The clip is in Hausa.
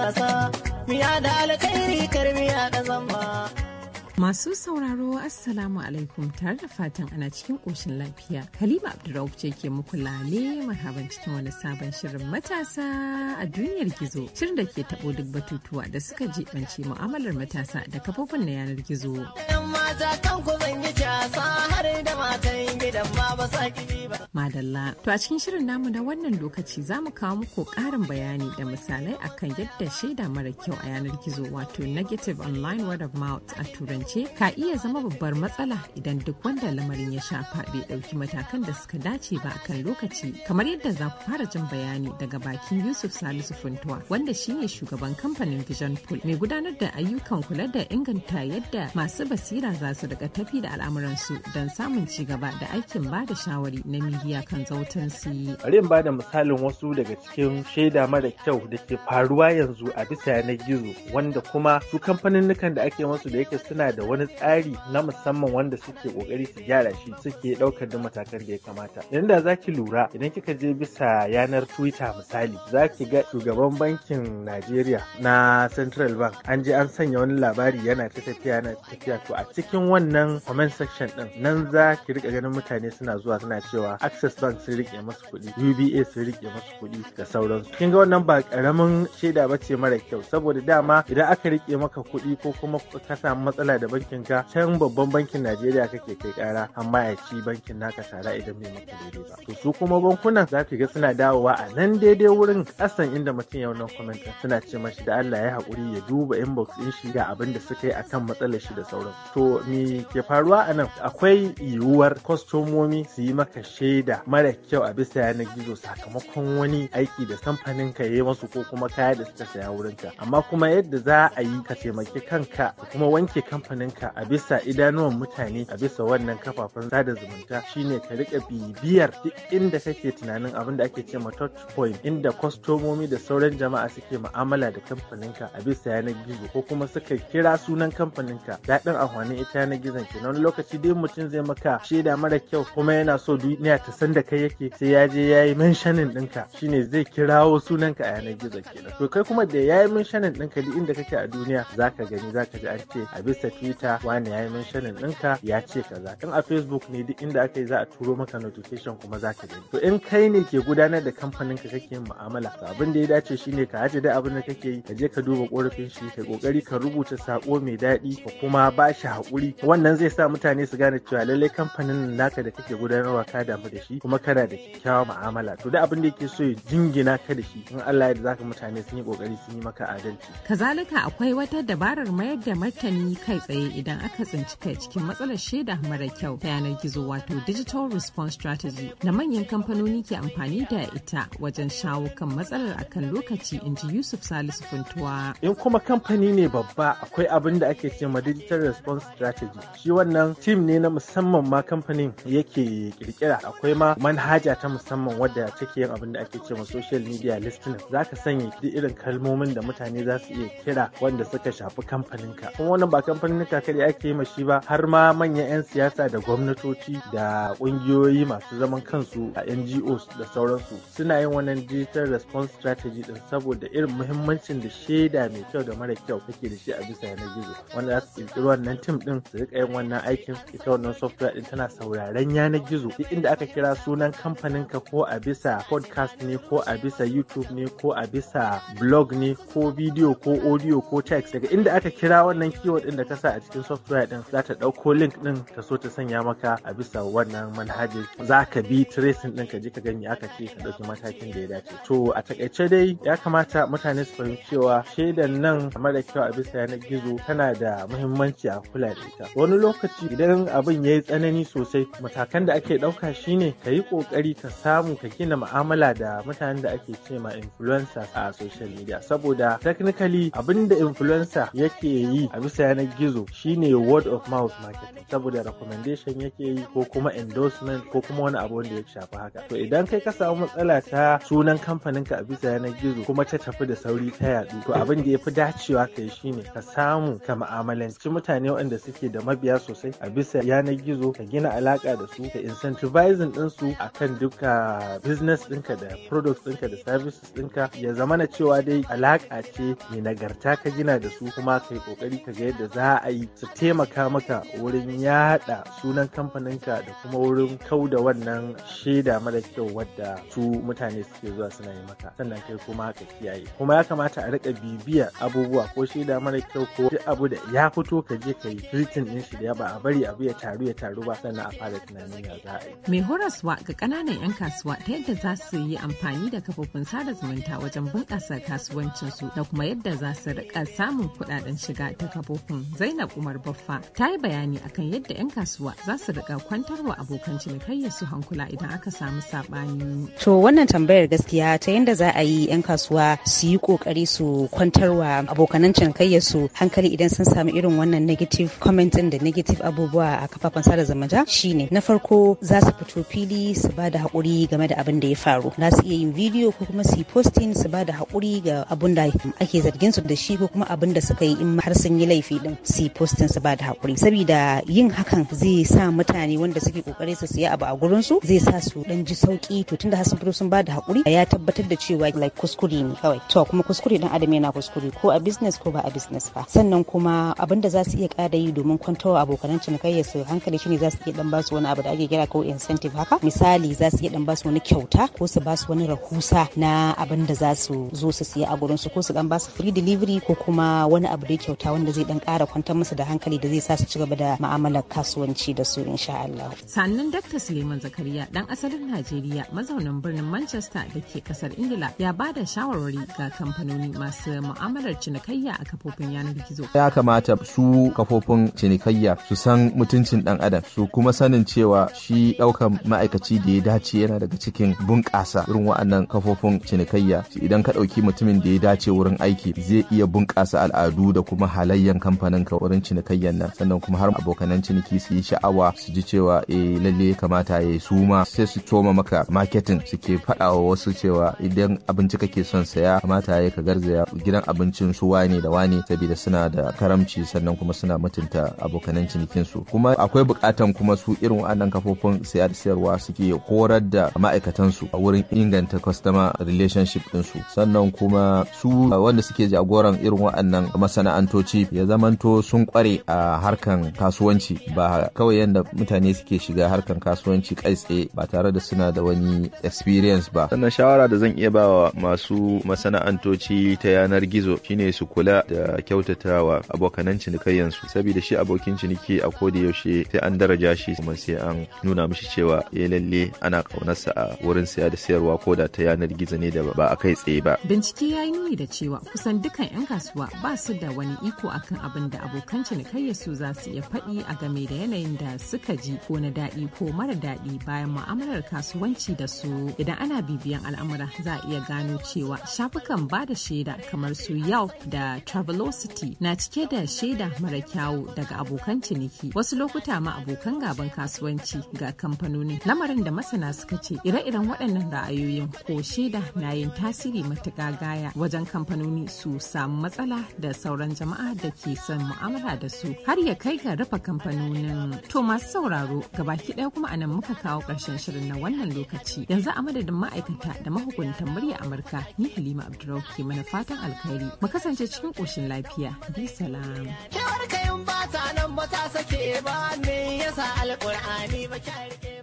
kasa miya da alkhairi karmiya da zamba Masu sauraro Assalamu alaikum tare da fatan ana cikin ƙoshin lafiya. Halima Abdurrauf ce ke muku lale marhaban cikin wani sabon shirin matasa a duniyar gizo. Shirin da ke tabo duk batutuwa da suka jibanci mu'amalar matasa da kafofin na yanar gizo. Madalla. To a cikin shirin namu na wannan lokaci za mu kawo muku ƙarin bayani da misalai akan yadda shaida mara kyau a yanar gizo wato negative online word of mouth a turanci. ce ka iya zama babbar matsala idan duk wanda lamarin ya shafa bai ɗauki matakan da suka dace ba akan lokaci kamar yadda za ku fara jin bayani daga bakin Yusuf Salisu Funtuwa wanda shine shugaban kamfanin Vision Pool mai gudanar da ayyukan kula da inganta yadda masu basira za su rika tafi da al'amuransu don samun ci gaba da aikin ba da shawari na midiya kan zautan su. yi. Bari in bada misalin wasu daga cikin shaida mara kyau da ke faruwa yanzu a bisa na gizo wanda kuma su kamfanin da ake masu da yake suna da wani tsari na musamman wanda suke kokari su gyara shi suke daukar da matakan da ya kamata idan da zaki lura idan kika je bisa yanar twitter misali zaki ga shugaban bankin najeriya na central bank an je an sanya wani labari yana ta tafiya na tafiya to a cikin wannan comment section din nan za ki rika ganin mutane suna zuwa suna cewa access bank sun rike masu kuɗi uba sun rike masu kuɗi da sauransu kin ga wannan ba karamin shaida ba ce mara kyau saboda dama idan aka rike maka kuɗi ko kuma ka samu matsala da bankin ka can babban bankin Najeriya kake kai kara amma ya ci bankin naka tara idan bai maka daidai ba. To su kuma bankunan za ka ga suna dawowa a nan daidai wurin kasan inda mutum ya wannan comment suna ce mashi da Allah ya haƙuri ya duba inbox din shi ga abin da suka yi akan matsalar shi da sauran. To me ke faruwa a nan akwai yiwuwar kwastomomi su yi maka shaida mara kyau a bisa yanar gizo sakamakon wani aiki da samfanin ka yi masu ko kuma kaya da suka saya wurinka amma kuma yadda za a yi ka taimaki kanka kuma wanke kamfanin kamfaninka a bisa idanuwan mutane a bisa wannan kafafen sada zumunta shine ka rika bibiyar duk inda kake tunanin abin da ake ce ma touch point inda kwastomomi da sauran jama'a suke mu'amala da kamfaninka a bisa yanar gizo ko kuma suka kira sunan kamfaninka daɗin amfanin ita yanar gizon kenan wani lokaci dai mutum zai maka shaida mara kyau kuma yana so duniya ta san da kai yake sai ya je ya yi mentioning ɗinka shine zai kirawo sunanka a yanar gizo kenan to kai kuma da ya yi mentioning ɗinka duk inda kake a duniya zaka gani zaka ji an ce a bisa twitter wani ya yi mentioning ɗinka ya ce kaza in a facebook ne duk inda aka yi za a turo maka notification kuma za ka gani to in kai ne ke gudanar da kamfanin ka kake yin mu'amala abin da ya dace shine ka ajiye da abin da kake yi ka je ka duba korafin shi ka kokari ka rubuta sako mai daɗi ka kuma ba shi haƙuri wannan zai sa mutane su gane cewa lallai kamfanin naka da kake gudanarwa ka damu da shi kuma kana da kyakkyawa mu'amala to da abin da yake so ya jingina ka da shi in Allah ya zaka mutane sun yi kokari sun yi maka adalci kazalika akwai wata dabarar mayar da martani kai tsaye tsaye idan aka tsinci kai cikin matsalar shaida mara kyau ta yanar gizo wato digital response strategy da manyan kamfanoni ke amfani da ita wajen shawo kan matsalar akan lokaci in ji yusuf salisu funtuwa in kuma kamfani ne babba akwai abin da ake cewa digital response strategy shi wannan tim ne na musamman ma kamfanin yake kirkira akwai ma manhaja ta musamman wadda take yin abin da ake cewa social media listening zaka sanya irin kalmomin da mutane za su iya kira wanda suka shafi kamfaninka kuma wannan ba kamfanin wani takali ake yi shi ba har ma manyan 'yan siyasa da gwamnatoci da ƙungiyoyi masu zaman kansu a NGOs da sauransu suna yin wannan digital response strategy din saboda irin muhimmancin da shaida mai kyau da mara kyau take da shi a bisa yanar gizo wanda za su ƙirƙiri wannan tim din su rika yin wannan aikin ita wannan software din tana sauraren yanar gizo duk inda aka kira sunan kamfanin ka ko a bisa podcast ne ko a bisa YouTube ne ko a bisa blog ne ko bidiyo ko audio ko text daga inda aka kira wannan keyword din da ka sa a cikin software din za ta ɗauko link din ta so ta sanya maka a bisa wannan manhaji za ka bi tracing din ka ji ka gani aka ce ka ɗauki matakin da ya dace to a takaice dai ya kamata mutane su fahimci cewa shaidan nan mara kyau a bisa yanar gizo tana da muhimmanci a kula da ita wani lokaci idan abin ya yi tsanani sosai matakan da ake ɗauka shine ka yi ƙoƙari ka samu ka gina mu'amala da mutanen da ake ce ma influencers a social media saboda technically abin da influencer yake yi a bisa yanar gizo Shi shine word of mouth marketing saboda recommendation yake yi ko kuma endorsement ko kuma wani abu wanda ya shafi haka to idan kai ka samu matsala ta sunan kamfanin ka a bisa yanar gizo kuma ta tafi da sauri ta yadu to abin da ya fi dacewa kai shine ka samu ka ma'amalanci mutane waɗanda suke da mabiya sosai a bisa yanar gizo ka gina alaka da su ka incentivizing din su akan duka business ɗinka da products ɗinka da services ɗinka ya zama na cewa dai alaka ce mai nagarta ka gina da su kuma kai kokari ka ga yadda za a yi su taimaka maka wurin yaɗa sunan kamfaninka da kuma wurin kau da wannan shaida mara kyau wadda su mutane suke zuwa suna yi maka sannan kai kuma ka kiyaye kuma ya kamata a rika bibiyar abubuwa ko shaida mara kyau ko duk abu da ya fito ka je ka yi treating din shi da ya ba a bari abu ya taru ya taru ba sannan a fara tunanin ya za a yi. Mai horaswa ga ƙananan 'yan kasuwa ta yadda za su yi amfani da kafofin sada zumunta wajen bunƙasa kasuwancinsu da kuma yadda za su rika samun kuɗaɗen shiga ta kafofin zai Zainab Umar Baffa ta yi bayani akan yadda 'yan kasuwa za su riƙa kwantarwa abokan cinikayya su hankula idan aka samu saɓani. To wannan tambayar gaskiya ta yadda za a yi 'yan kasuwa su yi ƙoƙari su kwantarwa abokanan cinikayya su hankali idan sun samu irin wannan negative comment da negative abubuwa a kafafen sada zumunta shine na farko za su fito fili su ba da haƙuri game da abin da ya faru. Za su iya yin bidiyo ko kuma su yi posting su ba da haƙuri ga abin da ake zargin su da shi ko kuma abin da suka yi in har sun yi laifi din. Su postin su ba da hakuri saboda yin hakan zai sa mutane wanda suke kokari su siya abu a gurin su zai sa su dan ji sauki to tunda har sun fito sun ba da haƙuri ya tabbatar da cewa like kuskure ne kawai to kuma kuskure dan adam yana kuskure ko a business ko ba a business ba sannan kuma abin da za su iya kada yi domin kwantawa abokanan cinikayya su hankali shine za su iya dan su wani abu da ake kira ko incentive haka misali za su iya dan ba su wani kyauta ko su ba su wani rahusa na abin da za su zo su siya a gurin su ko su dan ba su free delivery ko kuma wani abu da kyauta wanda zai dan kara kwanta kwantar musu da hankali da zai sa su ci gaba da ma'amalar kasuwanci da su insha Allah. Sannan Dr. Suleiman Zakariya dan asalin Najeriya mazaunin birnin Manchester da ke kasar Ingila ya ba da shawarwari ga kamfanoni masu mu'amalar cinikayya a kafofin yanar gizo. Ya kamata su kafofin cinikayya su san mutuncin dan adam su kuma sanin cewa shi daukan ma'aikaci da ya dace yana daga cikin bunƙasa irin waɗannan kafofin cinikayya idan ka ɗauki mutumin da ya dace wurin aiki zai iya bunƙasa al'adu da kuma halayyan kamfanin ka wurin cinikayyar nan sannan kuma har abokanan ciniki su yi sha'awa su ji cewa e lalle kamata ya su ma sai su toma maka marketing suke faɗa wa wasu cewa idan abinci kake son saya kamata ya ka garzaya gidan abincin su wane da wane saboda suna da karamci sannan kuma suna mutunta abokanan cinikin su kuma akwai bukatan kuma su irin waɗannan kafofin saya da sayarwa suke horar da ma'aikatan su a wurin inganta customer relationship din su sannan kuma su wanda suke jagoran irin waɗannan masana'antoci ya zamanto su sun kware a harkan kasuwanci ba kawai yadda mutane suke shiga harkan kasuwanci kai tsaye ba tare da suna da wani experience ba sannan shawara da zan iya ba wa masu masana'antoci ta yanar gizo shine su kula da kyautatawa abokanan cinikayyansu saboda shi abokin ciniki a koda yaushe sai an daraja shi kuma sai an nuna mishi cewa ya eh, lalle ana kaunarsa a wurin siya da sayarwa ko da ta yanar gizo ne da ba a kai tsaye ba bincike ya yi nuni da cewa kusan dukan 'yan kasuwa ba su da wani iko akan abin da abokan abokan cinikayya su za su iya faɗi a game da yanayin da suka ji ko na daɗi ko mara daɗi bayan mu'amalar kasuwanci da su idan ana bibiyan al'amura za a iya gano cewa shafukan ba da shaida kamar su yau da travelocity na cike da shaida mara kyawu daga abokan ciniki wasu lokuta ma abokan gaban kasuwanci ga kamfanoni lamarin da masana suka ce ire-iren waɗannan ra'ayoyin ko shaida na yin tasiri matuƙa gaya wajen kamfanoni su samu matsala da sauran jama'a da ke son mu'amala mu'amala da su har ya kai ga rufe kamfanonin. To masu sauraro gabaki ɗaya kuma anan muka kawo ƙarshen shirin na wannan lokaci. Yanzu a madadin ma'aikata da mahukuntan murya Amurka ni Halima Abdurrauf ke mana fatan alkhairi. Mu kasance cikin ƙoshin lafiya. Bi salam. ba ta nan ba ta sake ba me yasa alƙur'ani ba